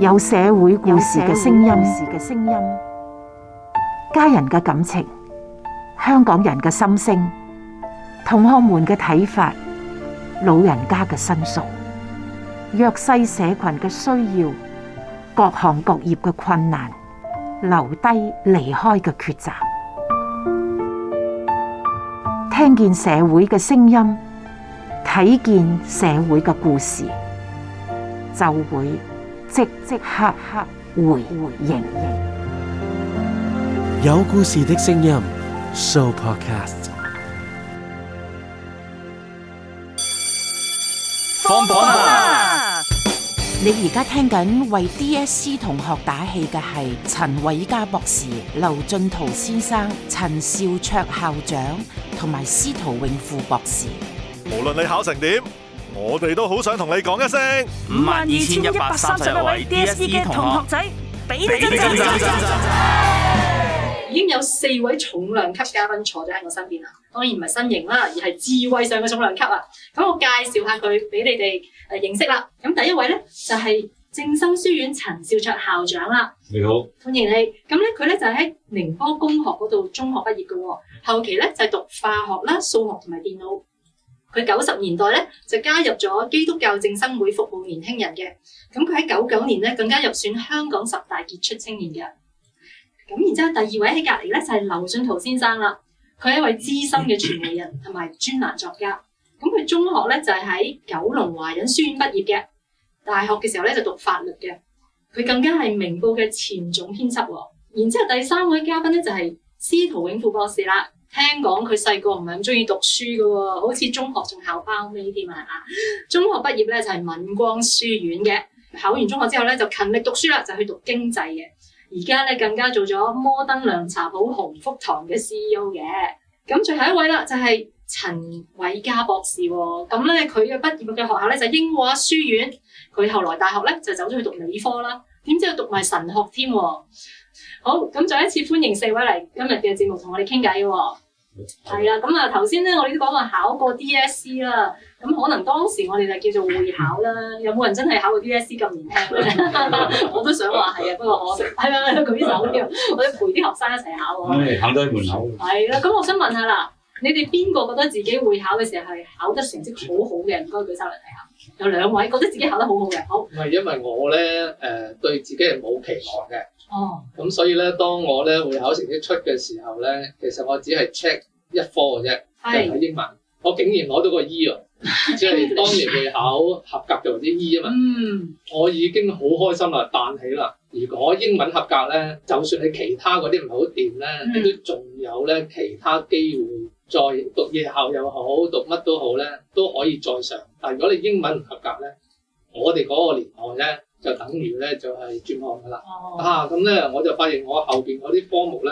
有社會故事嘅聲音，家人嘅感情，香港人嘅心聲，同學們嘅睇法，老人家嘅申訴，弱勢社群嘅需要，各行各業嘅困難，留低離開嘅抉擇，聽見社會嘅聲音，睇見社會嘅故事，就會。即即刻刻，回回應應，有故事的聲音，So Podcast。放榜啦！你而家聽緊為 D S C 同學打氣嘅係陳偉嘉博士、劉俊圖先生、陳少卓校長同埋司徒永富博士。無論你考成點，我哋都好想同你講一聲，五萬二千一百三十位 DSE 嘅同學仔，俾你一讚！已經有四位重量級嘉賓坐咗喺我身邊啦，當然唔係身型啦，而係智慧上嘅重量級啊！咁我介紹下佢俾你哋誒認識啦。咁第一位咧就係、是、正心書院陳兆卓校長啦。你好，歡迎你。咁咧佢咧就喺寧波工學嗰度中學畢業嘅，後期咧就係讀化學啦、數學同埋電腦。佢九十年代咧就加入咗基督教正生會服務年輕人嘅，咁佢喺九九年咧更加入選香港十大傑出青年嘅。咁然之後第二位喺隔離咧就係劉進圖先生啦，佢係一位資深嘅傳媒人同埋專欄作家。咁佢中學咧就係喺九龍華仁書院畢業嘅，大學嘅時候咧就讀法律嘅，佢更加係明報嘅前總編輯喎。然之後第三位嘉賓咧就係司徒永富博士啦。聽講佢細個唔係咁中意讀書噶，好似中學仲考包尾添啊！中學畢業咧就係、是、敏光書院嘅，考完中學之後咧就勤力讀書啦，就去讀經濟嘅。而家咧更加做咗摩登涼茶鋪鴻福堂嘅 C E O 嘅。咁最後一位啦，就係、是、陳偉嘉博士。咁咧佢嘅畢業嘅學校咧就係、是、英華書院，佢後來大學咧就走咗去讀理科啦，點知佢讀埋神學添。好咁，再一次歡迎四位嚟今日嘅節目，同我哋傾偈嘅。係啊，咁啊，頭先咧，我哋都講話考過 D S E 啦。咁可能當時我哋就叫做會考啦。 有冇人真係考過 D S E 咁年輕我都想話係啊，不過我係啊，咁 手我都我哋陪啲學生一齊考啊。咁你 門口？係啦，咁、嗯嗯、我想問下啦，你哋邊個覺得自己會考嘅時候係考得成績好好嘅？唔該，舉手嚟睇下。有兩位覺得自己考得好好嘅，好。唔係，因為我咧，誒、呃，對自己係冇期望嘅。哦，咁所以咧，當我咧會考成績出嘅時候咧，其實我只係 check 一科嘅啫，就係是英文。我竟然攞到個 E 喎， 即係當年會考合格就係啲 E 啊嘛。嗯，我已經好開心啦，彈起啦。如果英文合格咧，就算你其他嗰啲唔係好掂咧，嗯、你都仲有咧其他機會再讀夜校又好，讀乜都好咧，都可以再上。但係如果你英文唔合格咧，我哋嗰個年代咧。就等於咧，就係、是、轉行噶啦。Oh. 啊，咁咧我就發現我後邊嗰啲科目咧，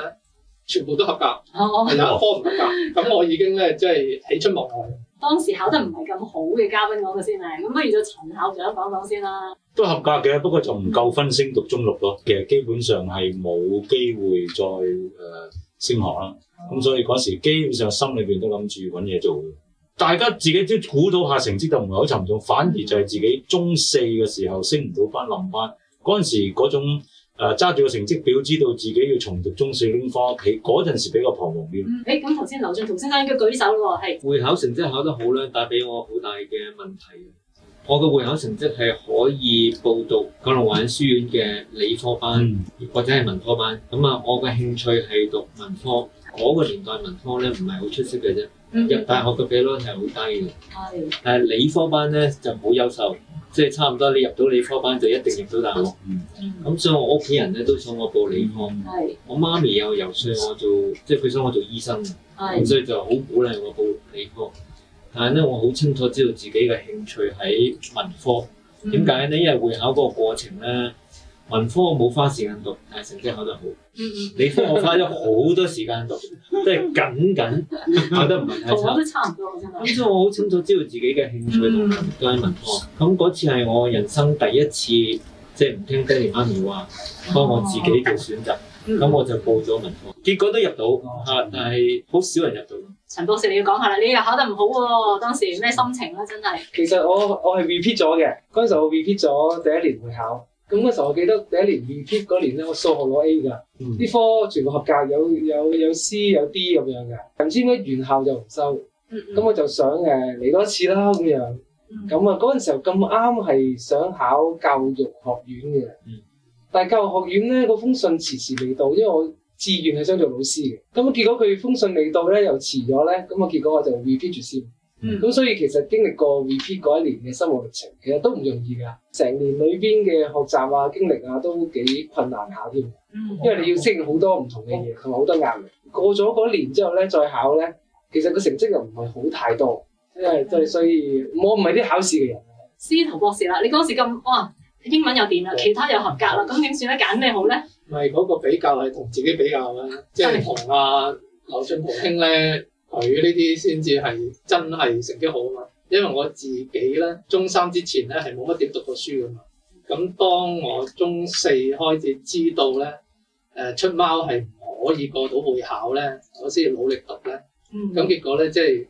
全部都合格，係有一科唔合格。咁我已經咧即係起出幕內。嗯、當時考得唔係咁好嘅嘉賓講嘅先啊，咁不如就陳校長講講,講先啦。都合格嘅，不過就唔夠分升讀中六咯。其實基本上係冇機會再誒升、呃、學啦。咁、oh. 所以嗰時基本上心裏邊都諗住揾嘢做。大家自己都估到下成績就唔係好沉重，反而就係自己中四嘅時候升唔到班，班。臨班，嗰陣時嗰種揸住個成績表，知道自己要重讀中四拎翻屋企，嗰陣時比較彷徨啲。誒、嗯，咁頭先劉俊同先生佢舉手喎，係會考成績考得好咧，帶俾我好大嘅問題。我嘅會考成績係可以報讀九龍華仁書院嘅理科班，嗯、或者係文科班。咁啊，我嘅興趣係讀文科。嗰、那個年代文科咧唔係好出色嘅啫。入大學嘅比率係好低嘅，的但係理科班咧就好優秀，即、就、係、是、差唔多你入到理科班就一定入到大學。咁、嗯、所以我屋企人咧都想我報理科，嗯、我媽咪又遊說我做，嗯、即係佢想我做醫生，咁、嗯、所以就好鼓勵我報理科。但係咧我好清楚知道自己嘅興趣喺文科，點解呢？嗯、因為會考嗰個過程咧。文科我冇花時間讀，但係成績考得好。理科我花咗好多時間讀，即係 緊緊考得唔係太差。我都差唔多。咁所以我好清楚知道自己嘅興趣同埋揀文科。咁嗰次係我人生第一次，即係唔聽爹哋媽咪話，幫、哦、我自己嘅選擇。咁、哦、我就報咗文科，結果都入到嚇，但係好少人入到。陳博士，你要講下啦，你又考得唔好、哦，當時咩心情咧、啊？真係其實我我係 repeat 咗嘅。嗰陣時我 repeat 咗第一年會考。咁嗰時候，我記得第一年 repeat 嗰年咧，我數學攞 A 㗎，啲、嗯、科全部合格，有有有 C 有 D 咁樣嘅。唔知點解原校就唔收，咁、嗯嗯、我就想誒嚟、啊、多一次啦咁樣。咁啊嗰陣時候咁啱係想考教育學院嘅，嗯、但係教育學院咧嗰封信遲遲未到，因為我志願係想做老師嘅。咁啊結果佢封信未到咧，又遲咗咧，咁啊結果我就 repeat 住先。咁、嗯、所以其實經歷過 VP 嗰一年嘅生活歷程，其實都唔容易噶。成年裏邊嘅學習啊、經歷啊，都幾困難下添。因為你要適應好多唔同嘅嘢，同埋好多壓力。過咗嗰年之後咧，再考咧，其實個成績又唔係好太多，即係、嗯、所以我唔係啲考試嘅人。司徒博士啦，你當時咁哇，英文又掂啦，其他又合格啦，咁點算咧？揀咩好咧？咪嗰個比較係同自己比較啦，即係同阿劉俊豪兄咧。 佢呢啲先至係真係成績好啊嘛，因為我自己咧，中三之前咧係冇乜點讀過書噶嘛。咁當我中四開始知道咧，誒、呃、出貓係唔可以過到會考咧，我先至努力讀咧。咁、嗯、結果咧即係誒，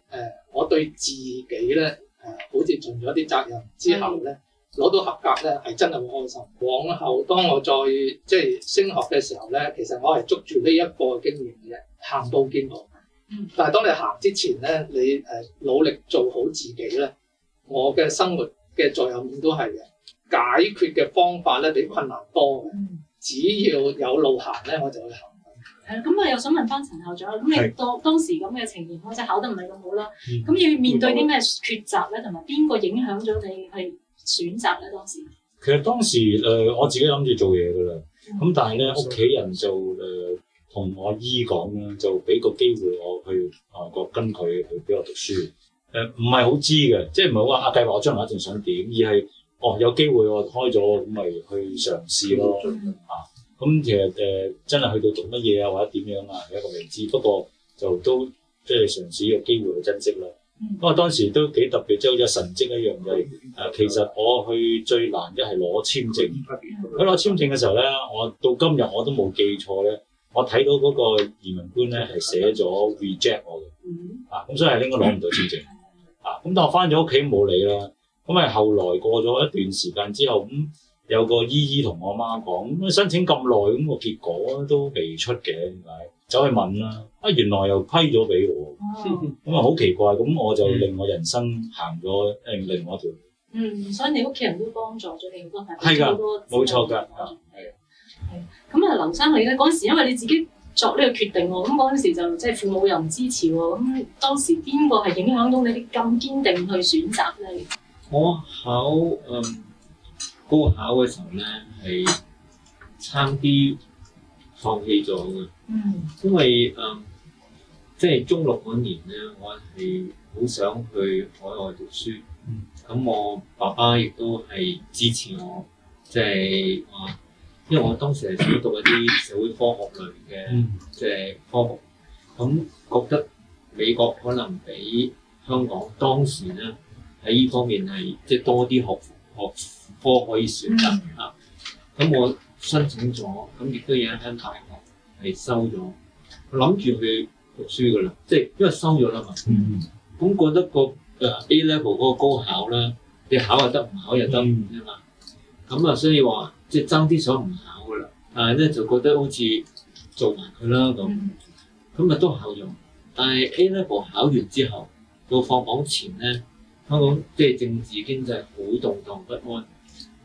我對自己咧誒、呃，好似盡咗啲責任之後咧，攞，嗯、到合格咧係真係好開心。往後當我再即係升學嘅時候咧，其實我係捉住呢一個經驗嘅，行步見步。但係當你行之前咧，你誒努力做好自己咧，我嘅生活嘅座右銘都係嘅，解決嘅方法咧比困難多嘅。只要有路行咧，我就去行。係咁啊，又想問翻陳校長，咁你當當時咁嘅情形，我就考得唔係咁好啦，咁要面對啲咩抉擇咧，同埋邊個影響咗你去選擇咧？當時其實當時誒，我自己諗住做嘢噶啦，咁但係咧屋企人就誒。同我姨講咧，就俾個機會我去外國、呃、跟佢去俾我讀書。誒、呃，唔係好知嘅，即係唔好話阿計劃我將來一定想點，而係哦有機會我開咗咁咪去嘗試咯嚇。咁、啊嗯、其實誒、呃、真係去到做乜嘢啊或者點樣啊係一個未知，不過就都即係嘗試有機會去珍惜啦。不、嗯、啊當時都幾特別，即係好似神蹟一樣嘅。誒、啊，其實我去最難一係攞簽證。佢攞簽證嘅時候咧，我到今日我都冇記錯咧。我睇到嗰個移民官咧係寫咗 reject 我嘅、mm hmm. 啊嗯，啊咁所以係應該攞唔到簽證，啊咁但我翻咗屋企冇理啦。咁咪後來過咗一段時間之後，咁、嗯、有個姨姨同我媽講，咁、嗯、申請咁耐，咁、嗯、個結果都未出嘅，點解？走去問啦，啊原來又批咗俾我，咁、oh. 啊好奇怪，咁、啊、我就令我人生行咗另另外一條路。Mm hmm. 嗯，所以你屋企人都幫助咗你好多係，好多冇錯㗎，嗯係咁啊，劉、嗯、生你咧嗰陣時，因為你自己作呢個決定喎，咁嗰陣時就即係父母又唔支持喎，咁當時邊個係影響到你啲咁堅定去選擇你？我考嗯高考嘅時候咧係差啲放棄咗嘅，嗯，嗯因為誒、嗯、即係中六嗰年咧，我係好想去海外讀書，咁、嗯、我爸爸亦都係支持我，即、就、係、係嗯因為我當時係想讀一啲社會科學類嘅即係科目，咁、嗯、覺得美國可能比香港當時咧喺呢方面係即係多啲學學科可以選擇嚇。咁、嗯啊、我申請咗，咁亦都有一間大學係收咗，我諗住去讀書噶啦。即係因為收咗啦嘛，咁、嗯、覺得、個誒、呃、A level 嗰個高考咧，你考又得，唔考又得啊嘛。咁啊、嗯，所以話。即係爭啲想唔考㗎啦，但係咧就覺得好似做埋佢啦咁，咁啊都效用。但係 A level 考完之後，到放榜前咧，香港即係政治經濟好動盪不安，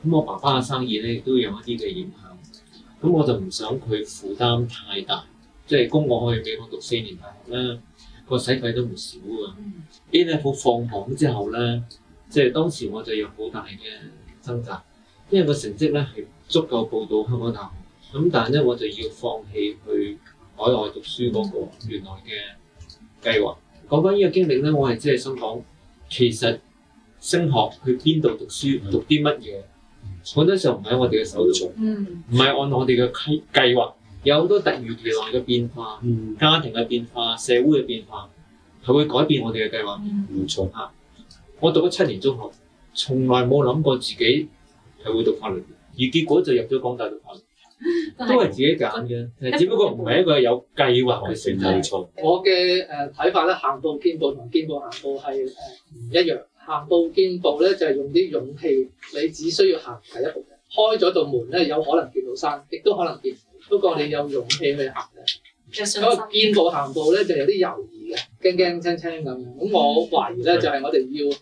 咁我爸爸嘅生意咧亦都有一啲嘅影響。咁我就唔想佢負擔太大，即係供我可以俾我讀四年大學啦，個使費都唔少㗎。嗯、A level 放榜之後咧，即係當時我就有好大嘅掙扎。因為個成績咧係足夠報到香港大學，咁但係咧我就要放棄去海外讀書嗰個原來嘅計劃。講返呢個經歷咧，我係真係想講，其實升學去邊度讀書讀啲乜嘢，好多時候唔喺我哋嘅手度做，唔係、嗯、按我哋嘅計劃，有好多突如其來嘅變化，嗯、家庭嘅變化、社會嘅變化，佢會改變我哋嘅計劃。唔錯嚇，我讀咗七年中學，從來冇諗過自己。係會讀法律，而結果就入咗港大讀法律，是都係自己揀嘅。我只不過唔係一個有計劃嘅選擇錯。就是、錯我嘅誒睇法咧，行步見步同見步行步係誒唔一樣。行步見步咧就係、是、用啲勇氣，你只需要行第一步嘅，開咗道門咧有可能見到山，亦都可能見，不過你有勇氣去行嘅。見步行步咧就是、有啲猶豫嘅，驚驚青青咁。咁我懷疑咧就係、是、我哋要。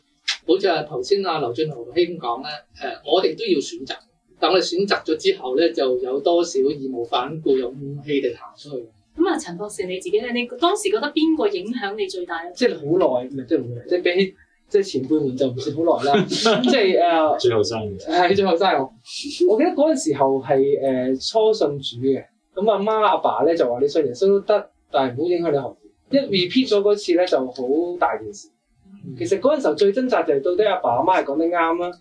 好似阿頭先阿劉俊豪兄講咧，誒、呃、我哋都要選擇，但係我哋選擇咗之後咧，就有多少義無反顧勇氣地行出去。咁啊，陳博士你自己咧，你當時覺得邊個影響你最大咧？即係好耐，唔係即係好耐，即係比起即係前輩們就唔算、 呃、好耐啦。即係誒，最後生嘅係最後生，我記得嗰陣時候係誒初信主嘅，咁阿媽阿爸咧就話你雖然修得，但係唔好影響你學業。一 repeat 咗嗰次咧，就好大件事。其實嗰陣時候最掙扎就係到底阿爸阿媽係講得啱啦，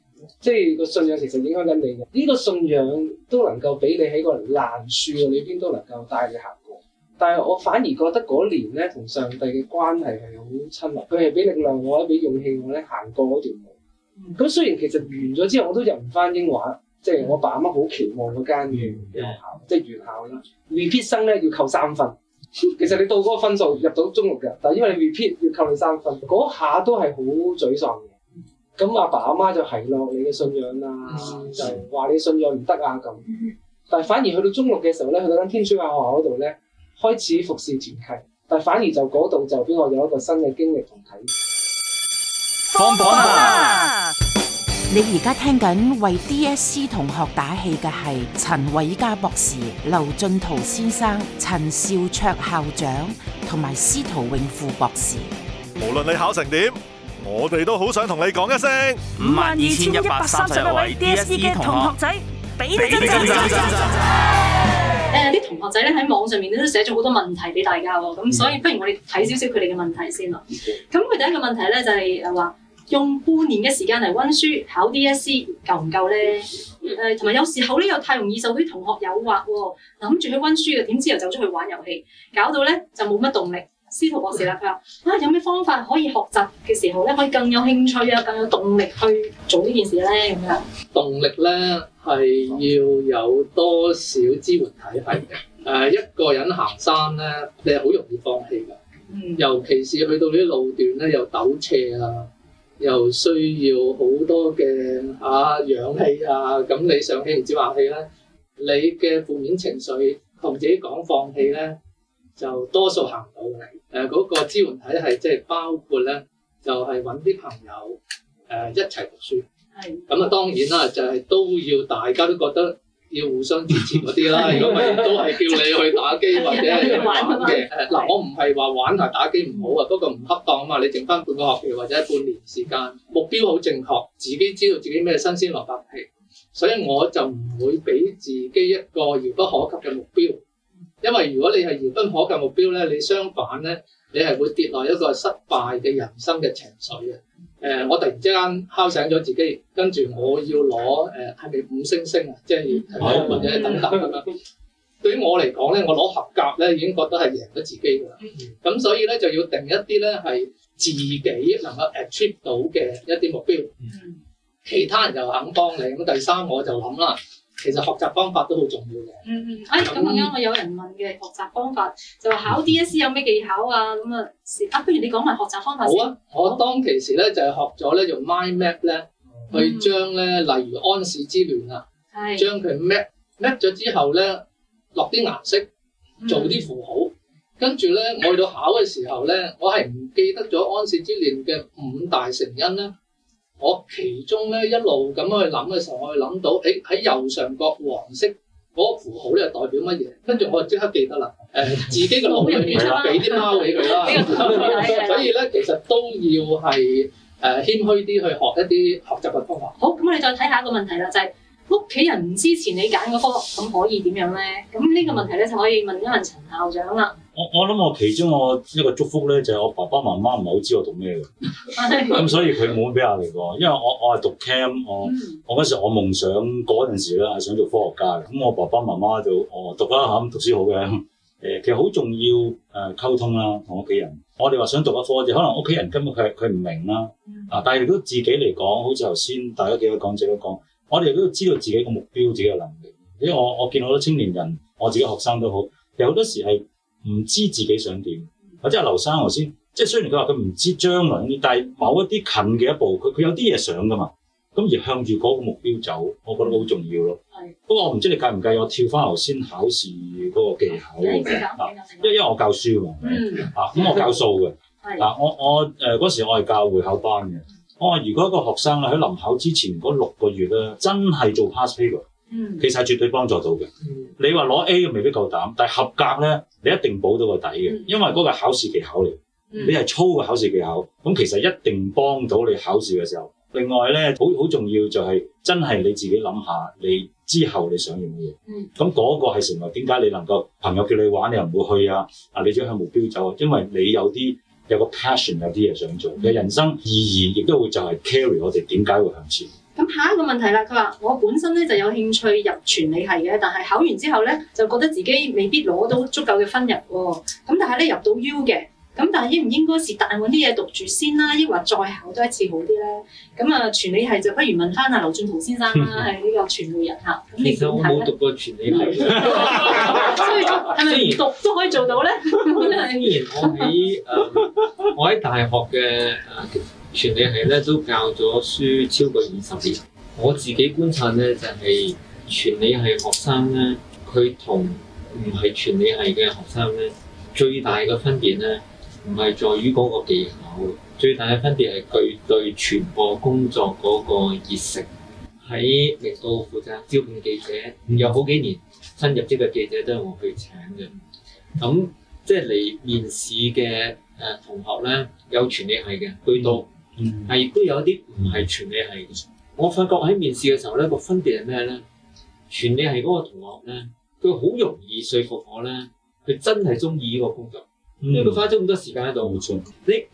即係個信仰其實影響緊你嘅，呢個信仰都能夠俾你喺個難處裏邊都能夠帶你行過。但係我反而覺得嗰年咧同上帝嘅關係係好親密，佢係俾力量我咧，俾勇氣我咧行過嗰條路。咁雖然其實完咗之後我都入唔翻英華，即係我爸阿媽好期望嗰間院校，即係原校啦。未必生咧要扣三分。 其實你到嗰個分數入到中六嘅，但係因為你 repeat 要扣你三分，嗰下都係好沮喪嘅。咁阿爸阿媽就係咯，你嘅信仰啊，就話你信仰唔得啊咁。但係反而去到中六嘅時候咧，去到間天主教學校嗰度咧，開始服侍前契，但係反而就嗰度就俾我有一個新嘅經歷同體驗。放榜啦！你而家聽緊為 D S C 同學打氣嘅係陳偉嘉博士、劉進圖先生、陳少卓校長同埋司徒永富博士。無論你考成點，我哋都好想同你講一聲五萬二千一百三十位 D S C 嘅同學仔，俾啲掌聲！誒，啲同學仔咧喺網上面都寫咗好多問題俾大家，咁所以不如我哋睇少少佢哋嘅問題先啦。咁佢第一個問題咧就係誒話。用半年嘅時間嚟溫書考 DSE 夠唔夠咧？誒、嗯，同埋有時候咧又太容易受到啲同學誘惑喎、哦，諗住去溫書嘅點知又走出去玩遊戲，搞到咧就冇乜動力。司徒博士啦，佢話：啊，有咩方法可以學習嘅時候咧，可以更有興趣啊，更有動力去做呢件事咧？咁樣動力咧係要有多少支援體系嘅？誒、呃，一個人行山咧，你係好容易放棄㗎。嗯，尤其是去到呢啲路段咧，又陡斜啊～又需要好多嘅啊氧氣啊，咁、啊、你上氣唔接下氣啦，你嘅負面情緒同自己講放棄咧，就多數行唔到嘅。誒、呃、嗰、那個支援體系即係包括咧，就係揾啲朋友誒、呃、一齊讀書。係的。咁啊，當然啦，就係、是、都要大家都覺得。要互相支持嗰啲啦，如果係都係叫你去打機或者係玩嘅，嗱 我唔係話玩下打機唔好啊， 不過唔恰當啊嘛，你剩翻半個學期或者半年時間，目標好正確，自己知道自己咩新鮮蘿蔔皮，所以我就唔會俾自己一個遙不可及嘅目標，因為如果你係遙不可及目標咧，你相反咧，你係會跌落一個失敗嘅人生嘅情緒嘅。誒、呃，我突然之間敲醒咗自己，跟住我要攞誒，係、呃、咪五星星啊？即係有冇或者等等咁樣？對於我嚟講咧，我攞合格咧已經覺得係贏咗自己噶啦。咁所以咧就要定一啲咧係自己能夠 achieve 到嘅一啲目標。 其他人就肯幫你咁。第三我就諗啦。其實學習方法都好重要嘅。嗯嗯，誒咁啱，我有人問嘅、嗯、學習方法，就話考 DSE 有咩技巧啊？咁啊，啊，不如你講埋學習方法先。好啊，我當其時咧就係、是、學咗咧用 mind map 咧，嗯、去將咧例如安史之亂啊，將佢、嗯、map map 咗之後咧，落啲顏色，做啲符號，嗯、跟住咧我去到考嘅時候咧，我係唔記得咗安史之亂嘅五大成因咧。我其中咧一路咁樣去諗嘅時候，我去諗到，誒喺右上角黃色嗰個符號咧代表乜嘢？跟住我即刻記得啦，誒、呃、自己嘅腦裡面俾啲貓俾佢啦。 所以咧，其實都要係誒謙虛啲去學一啲學習嘅方法。好，咁我哋再睇下一個問題啦，就係、是。屋企人唔支持你揀嗰科學，咁可以點樣咧？咁呢個問題咧、嗯、就可以問一問陳校長啦。我我諗我其中我一個祝福咧，就係、是、我爸爸媽媽唔係好知我讀咩嘅，咁所以佢冇畀壓力我因為我我係讀 cam，我、嗯、我嗰時我夢想嗰陣時咧係想做科學家嘅。咁我爸爸媽媽就哦讀啦，咁讀,讀書好嘅。誒其實好重要誒溝通啦，同屋企人。我哋話想讀一科，就可能屋企人根本佢佢唔明啦。嗯、啊，但係如果自己嚟講，好似頭先大家幾多講者都講。我哋都要知道自己個目標、自己嘅能力。因為我我見好多青年人，我自己學生都好，有好多時係唔知自己想點。或者劉生頭先，即係雖然佢話佢唔知將來，但係某一啲近嘅一步，佢佢有啲嘢想㗎嘛。咁而向住嗰個目標走，我覺得好重要咯。係是。不過我唔知你計唔計？我跳翻頭先考試嗰個技巧。因為因為我教書㗎嘛。嗯、啊，咁我教數嘅。嗱是、啊、我我誒嗰、呃、時我係教會考班嘅。我話：如果一個學生咧喺臨考之前嗰六個月咧，真係做 past、嗯、paper，其實係絕對幫助到嘅。嗯、你話攞 A 咁未必夠膽，但係合格咧，你一定保到個底嘅。嗯、因為嗰個係考試技巧嚟，你係粗嘅考試技巧，咁、嗯、其實一定幫到你考試嘅時候。另外咧，好好重要就係真係你自己諗下，你之後你想要嘅嘢。咁嗰、嗯、個係成為點解你能夠朋友叫你玩你又唔會去啊？啊，你將向目標走啊，因為你有啲。有個 passion，有啲嘢想做，人生意義亦都會就係 carry 我哋點解會向前。咁下一個問題啦，佢話我本身呢就有興趣入傳理系嘅，但係考完之後呢，就覺得自己未必攞到足夠嘅分入喎、哦。咁但係呢，入到 U 嘅。咁但係應唔應該是但搵啲嘢讀住先啦，抑或再考多一次好啲咧？咁啊，傳理系就不如問翻阿劉俊圖先生啦、啊，係呢、嗯、個傳媒人啊。其實我冇讀過傳理系， 所以做係咪讀都可以做到咧？雖然我喺誒， 我喺大學嘅誒傳理系咧，都教咗書超過二十年。我自己觀察咧，就係傳理系學生咧，佢同唔係傳理系嘅學生咧，最大嘅分別咧。唔係在於嗰個技巧，最大嘅分別係佢對傳播工作嗰個熱誠。喺明道負責招聘記者，有好幾年新入職嘅記者都係我去請嘅。咁即係嚟面試嘅誒同學咧，有傳理系嘅居多，但係亦都有一啲唔係傳理系嘅。我發覺喺面試嘅時候咧，個分別係咩咧？傳理系嗰個同學咧，佢好容易說服我咧，佢真係中意呢個工作。因為佢花咗咁多時間喺度，嗯、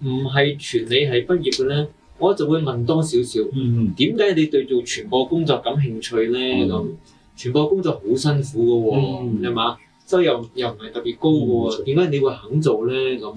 你唔係全你係畢業嘅咧，我就會問多少少，少，點解、嗯、你對做傳播工作感興趣咧？咁傳播工作好辛苦㗎、哦，係嘛、嗯，收入又唔係特別高㗎，點解、嗯嗯、你會肯做咧？咁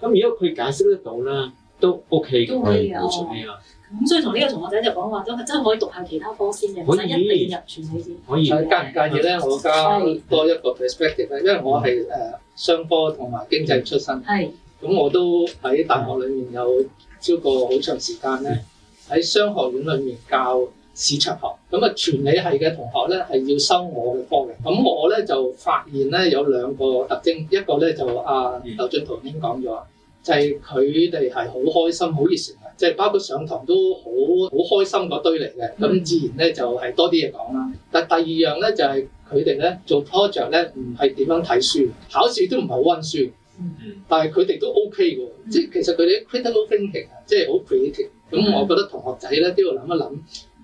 咁如果佢解釋得到咧？都 OK，都可以啊，咁所以同呢個同學仔就講話都真係可以讀下其他科先嘅，唔使一定入傳理先。可以。再加唔介意咧？我交多一個 perspective 咧，因為我係誒商科同埋經濟出身。係。咁我都喺大學裏面有超過好長時間咧，喺商學院裏面教市場學。咁啊，傳理系嘅同學咧係要收我嘅科嘅。咁我咧就發現咧有兩個特徵，一個咧就阿劉俊圖已經講咗。就係佢哋係好開心、好熱誠嘅，即係包括上堂都好好開心嗰堆嚟嘅。咁自然咧就係多啲嘢講啦。但第二樣咧就係佢哋咧做 project 咧唔係點樣睇書，考試都唔係好溫書，但係佢哋都 OK 嘅。即係其實佢哋 critical thinking 啊，即係好 creative。咁我覺得同學仔咧都要諗一諗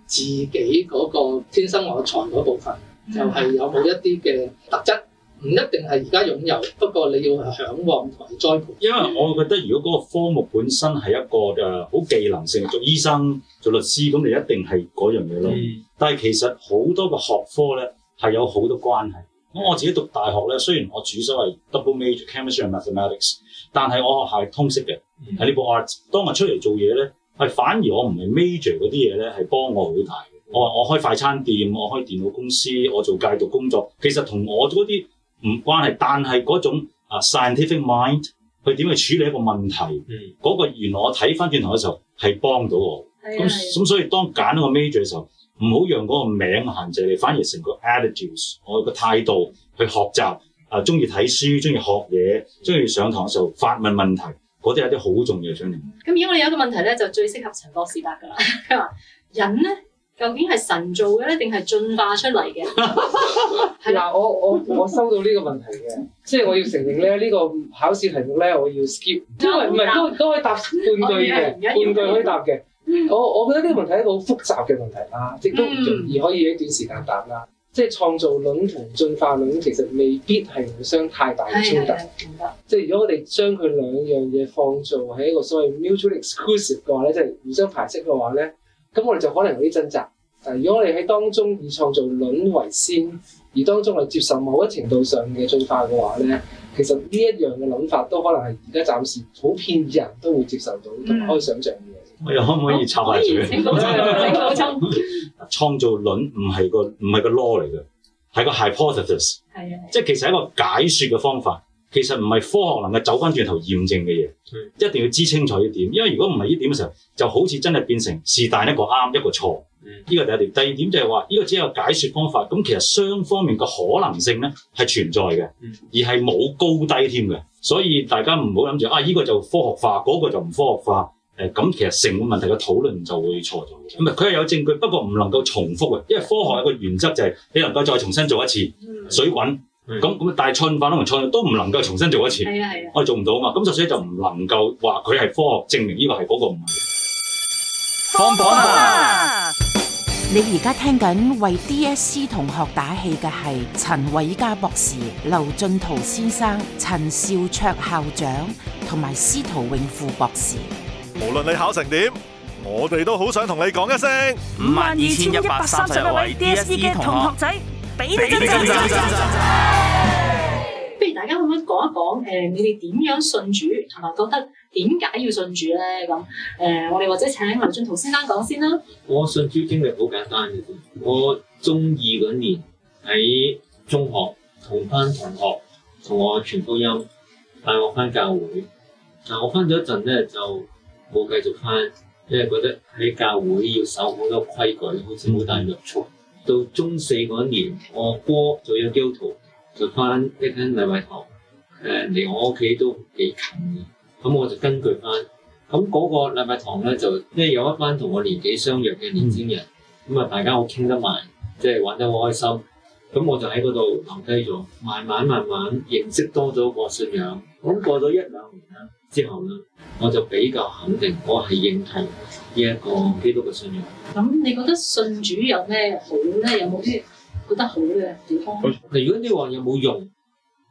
自己嗰個天生我材嗰部分，就係有冇一啲嘅特質。唔一定係而家擁有，不過你要嚮往同埋栽培。因為我覺得如果嗰個科目本身係一個誒好、呃、技能性，做醫生、做律師咁就一定係嗰樣嘢咯。嗯、但係其實好多嘅學科咧係有好多關係。咁我自己讀大學咧，雖然我主修係 double major chemistry and mathematics，但係我學校係通識嘅，喺、嗯、liberal arts 當我出嚟做嘢咧，係反而我唔係 major 嗰啲嘢咧係幫我好大。嗯、我話我開快餐店，我開電腦公，公司，我做戒毒工作，其實同我嗰啲。唔關係，但係嗰種啊 scientific mind，佢點去處理一個問題，嗰、嗯、個原來我睇翻轉頭嘅時候係幫到我。咁咁所以當揀一個 major 嘅時候，唔好讓嗰個名限制你，反而成個 attitudes，我個態度去學習，啊中意睇書，中意學嘢，中意、嗯、上堂嘅時候發問問題，嗰啲係啲好重要。嘅張玲，咁而家我哋有一個問題咧，就最適合陳博士答噶啦。 人呢？究竟係神造嘅咧，定係進化出嚟嘅？嗱，我我我收到呢個問題嘅，即係我要承認咧，呢個考試題目咧，我要 skip，因為唔係都都可以答半句嘅，半句可以答嘅。我我覺得呢個問題係一個好複雜嘅問題啦，亦都唔容易可以喺短時間答啦。即係創造論同進化論其實未必係互相太大嘅衝突，即係如果我哋將佢兩樣嘢放做喺一個所謂 mutual exclusive 嘅話咧，即係互相排斥嘅話咧。咁我哋就可能有啲掙扎，但係如果我哋喺當中以創造論為先，而當中係接受某一程度上嘅進化嘅話咧，其實呢一樣嘅諗法都可能係而家暫時普遍人都會接受到，同埋可以想象嘅。我又、嗯、可唔可以插埋住？唔、哦、 創造論唔係個唔係個 law 嚟嘅，係個 hypothesis，的即係其實係一個解説嘅方法。其實唔係科學能夠走翻轉頭驗證嘅嘢，嗯、一定要知清楚一點。因為如果唔係呢點嘅時候，就好似真係變成是但一個啱，一個錯。呢個、嗯、第一點，第二點就係話呢個只有解説方法。咁其實雙方面嘅可能性呢係存在嘅，嗯、而係冇高低添嘅。所以大家唔好諗住啊，呢、呢個就科學化，嗰、嗰個就唔科學化。誒、呃，咁其實成個問題嘅討論就會錯咗。唔、嗯、係，佢係有證據，不過唔能夠重複嘅，因為科學有個原則就係你能夠再重新做一次、嗯、水滾。咁咁，嗯、但係創新都唔創新，都唔能夠重新做一次。係啊係啊，我哋、啊、做唔到啊嘛。咁所以就唔能夠話佢係科學證明呢個係嗰個唔係。放榜啦，你而家聽緊為 D S C 同學打氣嘅係陳偉嘉博士、劉俊濤先生、陳少卓校長同埋司徒永富博士。無論你考成點，我哋都好想同你講一聲，五萬二千一百三十六位 D S C 嘅同學仔。俾真神，不如、啊、大家可唔可以講一講？誒、呃，你哋點樣信主同埋覺得點解要信主咧？咁、呃、誒，我哋或者請林俊圖先生講先啦。 我信主經歷好簡單嘅啫，我中二嗰年喺中學同班同學同我傳福音，帶我翻教會。但係我翻咗一陣咧，就冇繼續翻，因為覺得喺教會要守好多規矩，好似好大約束。到中四嗰年，我哥做咗基督徒，就翻一間禮拜堂，誒、呃，離我屋企都幾近嘅。咁我就根據翻，咁嗰個禮拜堂咧就，即係有一班同我年紀相若嘅年輕人，咁啊、嗯、大家好傾得埋，即係玩得好開心。咁我就喺嗰度留低咗，慢慢慢慢認識多咗個信仰。咁過咗一兩年啦。之後咧，我就比較肯定，我係認同呢一個基督嘅信仰。咁你覺得信主有咩好咧？有冇啲覺得好嘅地方、嗯？如果你話有冇用，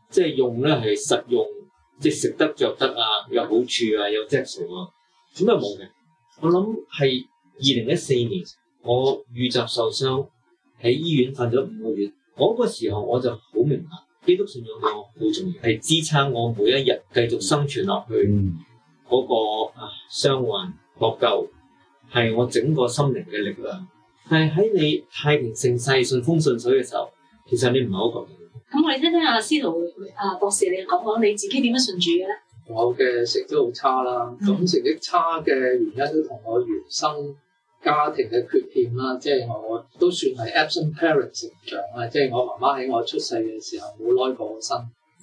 即係用咧，係實用，即係食得着得啊，有好處啊，有質素啊，咁又冇嘅。我諗係二零一四年，我預習受傷喺醫院瞓咗五個月，嗰、嗰個時候我就好明白。基督信仰我好重要，係支撐我每一日繼續生存落去嗰、嗯嗰個啊，傷患獲救係我整個心靈嘅力量。但係喺你太平盛世順風順水嘅時候，其實你唔係好咁。咁我哋聽聽阿司徒啊博士，你講講你自己點樣順住嘅咧？我嘅成績好差啦，咁成績差嘅原因都同我原生家庭嘅缺陷啦，即係我都算係 absent parent 成長啦，即係我媽媽喺我出世嘅時候冇耐過身，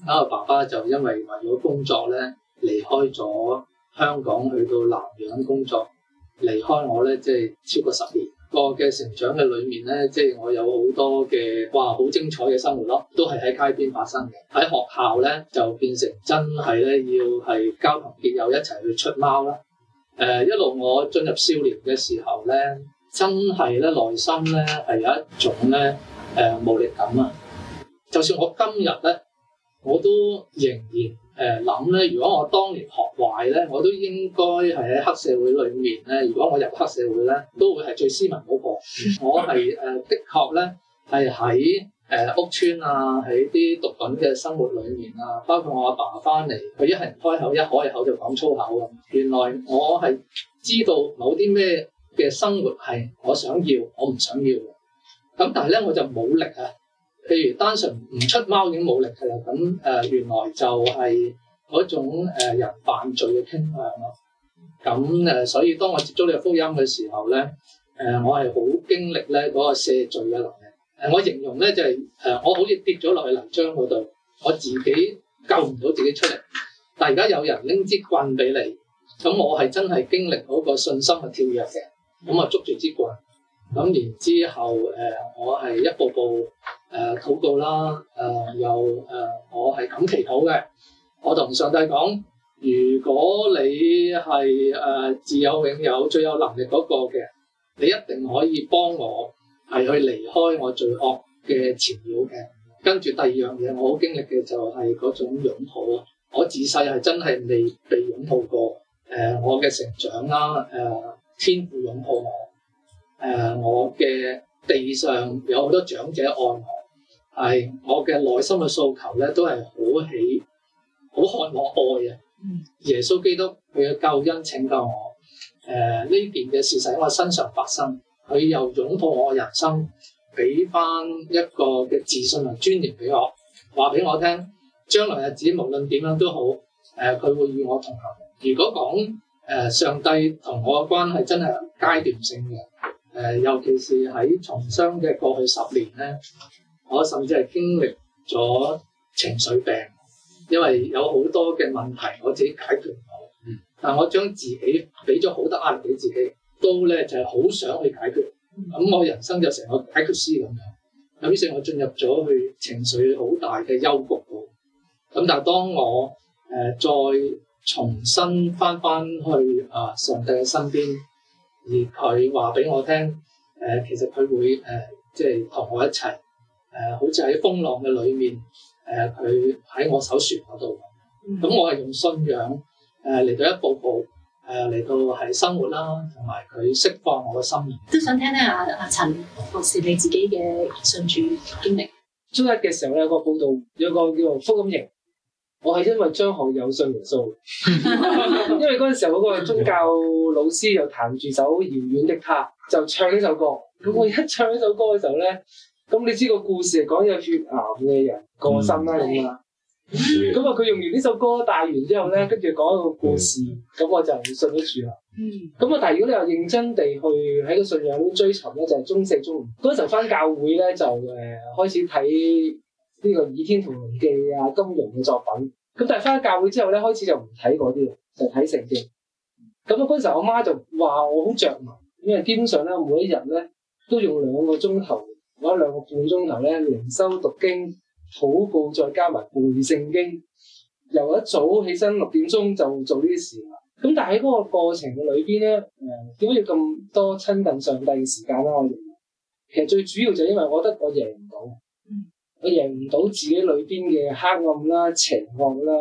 咁我爸爸就因為為咗工作咧，離開咗香港去到南洋工作，離開我咧，即係超過十年。個嘅成長嘅裏面咧，即係我有好多嘅哇，好精彩嘅生活咯，都係喺街邊發生嘅。喺學校咧，就變成真係咧，要係交朋結友一齊去出貓啦。誒一路我進入少年嘅時候咧，真係咧內心咧係有一種咧誒無力感啊！就算我今日咧，我都仍然誒諗咧，如果我當年學壞咧，我都應該係喺黑社會裏面咧。如果我入黑社會咧，都會係最斯文嗰個。我係誒的確咧係喺。誒、呃、屋村啊，喺啲毒品嘅生活裏面啊，包括我阿爸翻嚟，佢一係唔開口，一開口，口就講粗口啊。原來我係知道某啲咩嘅生活係我想要，我唔想要嘅。咁但係咧，我就冇力啊。譬如單純唔出貓已經冇力嘅啦。咁、嗯、誒、呃，原來就係嗰種、呃、人犯罪嘅傾向咯、啊。咁、嗯、誒、呃，所以當我接觸呢個福音嘅時候咧，誒、呃、我係好經歷咧嗰個赦罪嘅。我形容咧就係、是、誒，我好似跌咗落去泥漿嗰度，我自己救唔到自己出嚟。但而家有人拎支棍俾你，咁我係真係經歷咗個信心嘅跳躍嘅，咁啊，捉住支棍，咁然之後誒、呃，我係一步步誒禱、呃、告啦，誒、呃、又誒、呃，我係咁祈禱嘅，我同上帝講：如果你係誒、呃、自有永有、最有能力嗰個嘅，你一定可以幫我。係去離開我罪惡嘅纏繞嘅。跟住第二樣嘢，我好經歷嘅就係嗰種擁抱啊！我自細係真係未被擁抱過。誒、呃，我嘅成長啦，誒、呃，天父擁抱我，誒、呃，我嘅地上有好多長者愛我，係我嘅內心嘅訴求咧，都係好喜、好渴慕愛啊！耶穌基督佢嘅救恩拯救我。誒、呃，呢件嘅事實喺我身上發生。佢又擁抱我人生，俾翻一個嘅自信同尊嚴俾我，話俾我聽，將來日子無論點樣都好，誒、呃、佢會與我同行。如果講誒上帝同我嘅關係真係階段性嘅，誒、呃、尤其是喺重生嘅過去十年咧，我甚至係經歷咗情緒病，因為有好多嘅問題我自己解決唔到，嗯、但我將自己俾咗好多壓力俾自己。都呢就係、是、好想去解決，咁、嗯、我人生就成個解決師咁樣。於是我進入咗去情緒好大嘅憂鬱度，咁、嗯、但係當我誒、呃、再重新翻翻去啊上帝嘅身邊，而佢話俾我聽誒、呃，其實佢會誒、呃、即係同我一齊誒、呃，好似喺風浪嘅裏面誒，佢、呃、喺我手船度。咁、嗯嗯嗯、我係用信仰誒嚟、呃、到一步步。誒，嚟到係生活啦，同埋佢釋放我嘅心意，都想聽聽阿阿陳博士你自己嘅信主經歷。中一嘅時候咧，有個報道，有個叫福音營，我係因為張學友信耶穌， 因為嗰陣時候嗰個宗教老師又彈住首遙遠的她，就唱呢首歌。咁、嗯、我一唱呢首歌嘅時候咧，咁你知個故事係講有血癌嘅人個心啦咁啊。嗯嗯咁啊！佢、 嗯嗯、用完呢首歌，帶完之後咧，跟住講一個故事，咁、嗯、我就信得住啦。嗯。咁啊，但係如果你又認真地去喺個信仰裏追尋咧，就係中四、中五。嗰陣時翻教會咧，就誒開始睇呢個《倚天屠龍記》啊、金庸嘅作品。咁但係翻教會之後咧，開始就唔睇嗰啲啦，就睇聖經。咁啊，嗰陣時我媽就話我好着迷，因為基本上咧，每一日咧都用兩個鐘頭，或者兩個半鐘頭咧，靈修讀經。禱告再加埋背聖經，由一早起身六點鐘就做呢啲事啦。咁但係喺嗰個過程裏邊咧，誒，點解要咁多親近上帝嘅時間咧？我其實最主要就係因為我覺得我贏唔到，嗯、我贏唔到自己裏邊嘅黑暗啦、邪惡啦、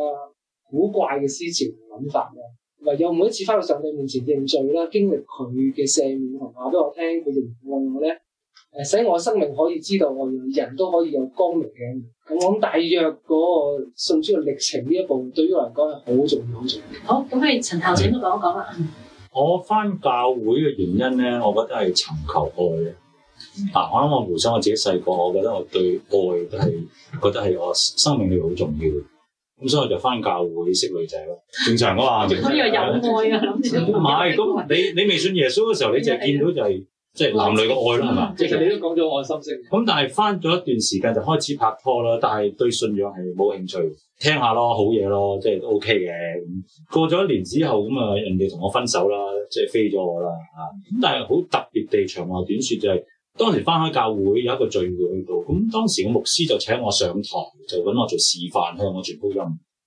古怪嘅思潮諗法啦。唯有每一次翻到上帝面前認罪啦，經歷佢嘅赦免同話俾我聽，佢贏過我咧，誒，使我生命可以知道我贏，人都可以有光明嘅。講大約嗰個信主嘅歷程呢一步對於我嚟講係好重要好重要。好，咁啊，陳校長都講一講啦。 我翻教會嘅原因咧，我覺得係尋求愛啊。我諗我回想我自己細個，我覺得我對愛都係 覺得係我生命係好重要。咁所以我就翻教會識女仔咯。正常噶嘛、啊。佢 可有愛啊諗唔係，咁你你未信耶穌嘅時候，你見到就見就係。 即係男女個愛啦嘛，即、嗯、吧其實你都講咗愛心性。咁但係翻咗一段時間就開始拍拖啦，但係對信仰係冇興趣，聽下咯，好嘢咯，即係都 OK 嘅。咁過咗一年之後，咁啊人哋同我分手啦，即係飛咗我啦吓。咁但係好特別地長話短說就係、是，當時翻開教會有一個聚會去到，咁當時個牧師就請我上台，就搵我做示範向我傳福音。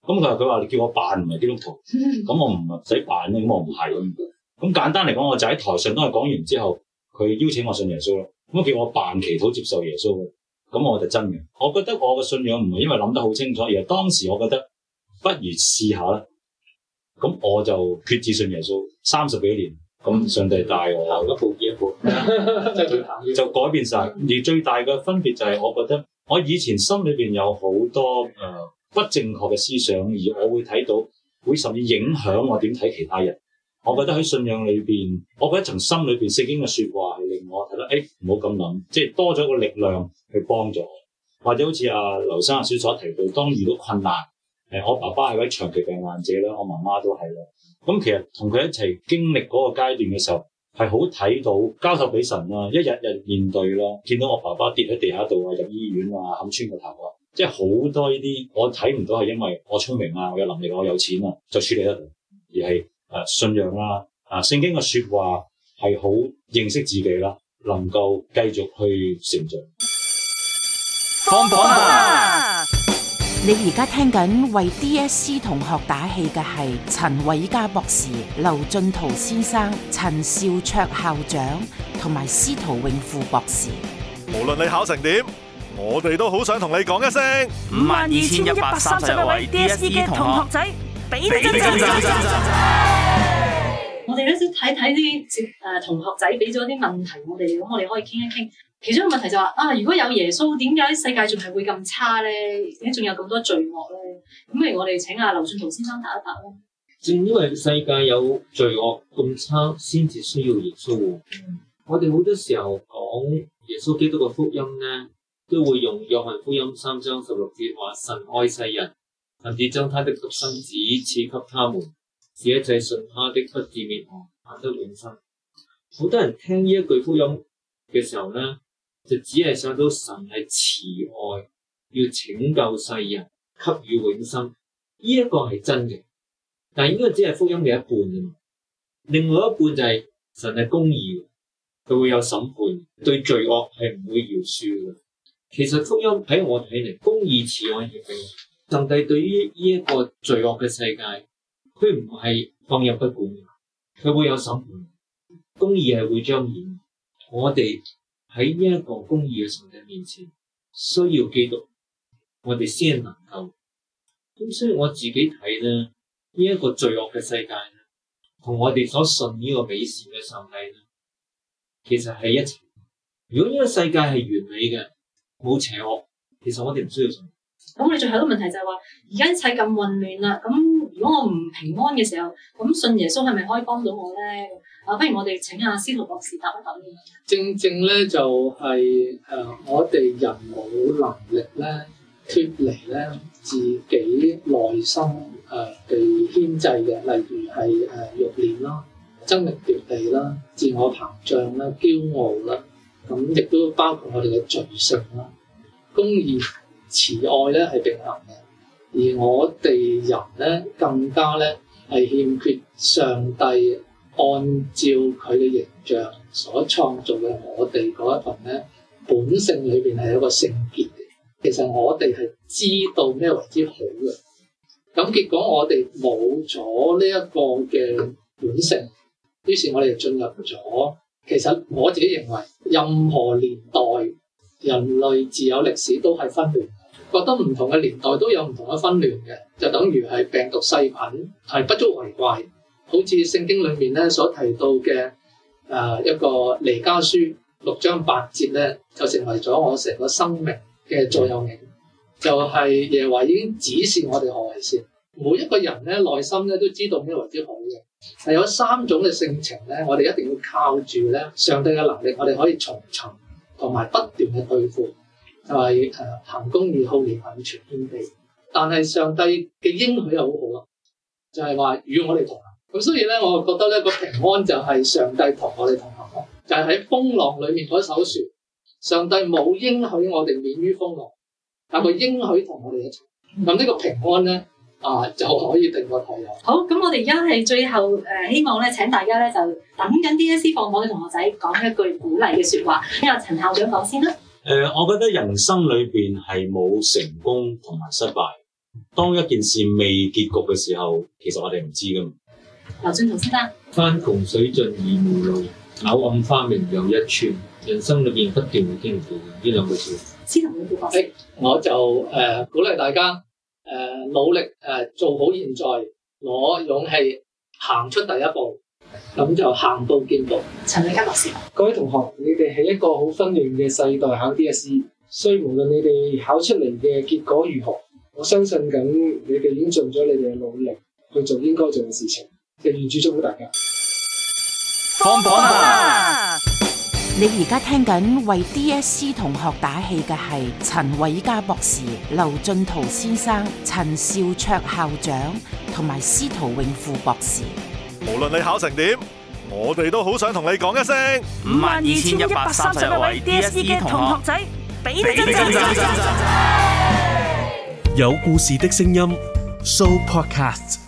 咁佢話佢話你叫我扮唔係基督徒，咁我唔使扮啊，我唔係咁。咁簡單嚟講，我就喺台上都係講完之後。佢邀請我信耶穌咯，咁啊叫我扮祈禱接受耶穌，咁我就真嘅。我覺得我嘅信仰唔係因為諗得好清楚，而係當時我覺得不如試下啦。咁我就決志信耶穌三十幾年，咁上帝帶我一步一步， 就改變晒。而最大嘅分別就係，我覺得我以前心裏邊有好多誒不正確嘅思想，而我會睇到會甚至影響我點睇其他人。我覺得喺信仰裏邊，我覺得從心裏邊聖經嘅説話係令我睇到，哎唔好咁諗，即係多咗個力量去幫助我，或者好似阿劉生阿小所提到，當遇到困難，誒我爸爸係一位長期病患者啦，我媽媽都係啦，咁其實同佢一齊經歷嗰個階段嘅時候，係好睇到交託俾神啊，一日日面對啦，見到我爸爸跌喺地下度啊，入醫院啊，冚穿個頭啊，即係好多呢啲我睇唔到係因為我聰明啊，我有能力我有錢啊，就處理得到，而係。啊，信仰啦！啊，聖經嘅說話係好認識自己啦，能夠繼續去成長。放榜啦！你而家聽緊為 D S C 同學打氣嘅係陳偉嘉博士、劉俊濤先生、陳兆卓校長同埋司徒永富博士。無論你考成點，我哋都好想同你講一聲五萬二千一百三十六位 D S C 嘅同學仔。 我哋咧先睇睇啲誒同學仔俾咗啲問題我哋，咁我哋可以傾一傾。其中一問題就話，是，啊，如果有耶穌，點解世界仲係會咁差咧？點解仲有咁多罪惡咧？咁不如我哋請阿劉俊圖先生答一答啦。正因為世界有罪惡咁差，先至需要耶穌。嗯，我哋好多時候講耶穌基督嘅福音咧，都會用約翰福音三章十六節話：神愛世人。甚至將他的獨生子賜給他們，使一切信他的不至滅亡，反得永生。好多人聽呢一句福音嘅時候咧，就只係想到神係慈愛，要拯救世人，給予永生，呢一個係真嘅。但係應該只係福音嘅一半啫嘛。另外一半就係神係公義，佢會有審判，對罪惡係唔會饒恕嘅。其實福音喺我睇嚟，公義、慈愛嘅。上帝對於呢一個罪惡嘅世界，佢唔係放任不管，佢會有審判，公義係會彰顯。我哋喺呢一個公義嘅上帝面前，需要基督，我哋先能夠。咁所以我自己睇咧，呢一個罪惡嘅世界咧，同我哋所信呢個美善嘅上帝咧，其實係一齊。如果呢個世界係完美嘅，冇邪惡，其實我哋唔需要咁你最後一個問題就係、是、話，而家一切咁混亂啦。咁如果我唔平安嘅時候，咁信耶穌係咪可以幫到我咧？啊，不如我哋請阿司徒博士答一答呢。正正咧就係、是、誒、呃，我哋人冇能力咧脫離咧自己內心誒被牽制嘅，例如係誒欲念啦、爭名奪利啦、自我膨脹啦、驕傲啦，咁、呃、亦都包括我哋嘅罪性啦，公義，慈愛咧係並行嘅，而我哋人咧更加咧係欠缺上帝按照佢嘅形象所創造嘅我哋嗰一份咧本性裏邊係一個聖潔嘅。其實我哋係知道咩為之好嘅，咁結果我哋冇咗呢一個嘅本性，於是我哋就進入咗。其實我自己認為，任何年代人類自有歷史都係分裂。覺得唔同嘅年代都有唔同嘅紛亂嘅，就等於係病毒細菌係不足為怪。好似聖經裡面咧所提到嘅，誒、呃、一個彌迦書六章八節咧，就成為咗我成個生命嘅座右銘，就係、是、耶和華已經指示我哋何為善。每一個人咧內心咧都知道咩為之好嘅，係有三種嘅性情咧，我哋一定要靠住咧上帝嘅能力，我哋可以重尋同埋不斷嘅對付。就係誒、行公義好，連環傳天地。但係上帝嘅應許又好好咯，就係、是、話與我哋同行。咁所以咧，我覺得咧，個平安就係上帝同我哋同行咯。就喺、是、風浪裏面嗰艘船，上帝冇應許我哋免於風浪，但佢應許同我哋一齊。咁呢、嗯嗯、個平安咧啊，就可以定個台友。好，咁我哋而家係最後誒、呃，希望咧請大家咧就等緊 DSE 放榜嘅同學仔講一句鼓勵嘅說話。咁啊，陳校長講先啦。誒、呃，我覺得人生裏邊係冇成功同埋失敗。當一件事未結局嘅時候，其實我哋唔知㗎嘛。留轉頭先得。山窮水盡疑無路，柳暗花明又一村。人生裏邊不斷會經歷嘅呢兩個字。先頭會做白我就誒、呃、鼓勵大家誒、呃、努力誒、呃、做好現在，攞勇氣行出第一步。咁就行到見到。陳偉嘉博士，各位同學，你哋係一個好紛亂嘅世代考 DSE，所以無論你哋考出嚟嘅結果如何，我相信緊你哋已經盡咗你哋嘅努力去做應該做嘅事情。嘅願主祝福大家。放榜啦！你而家聽緊為 DSE 同學打氣嘅係陳偉嘉博士、劉俊圖先生、陳兆卓校長同埋司徒永富博士。無論你考成點，我哋都好想同你講一聲五萬二千一百三十位 DSE 嘅同學仔，俾真真真真真有故事的聲音 Show Podcast。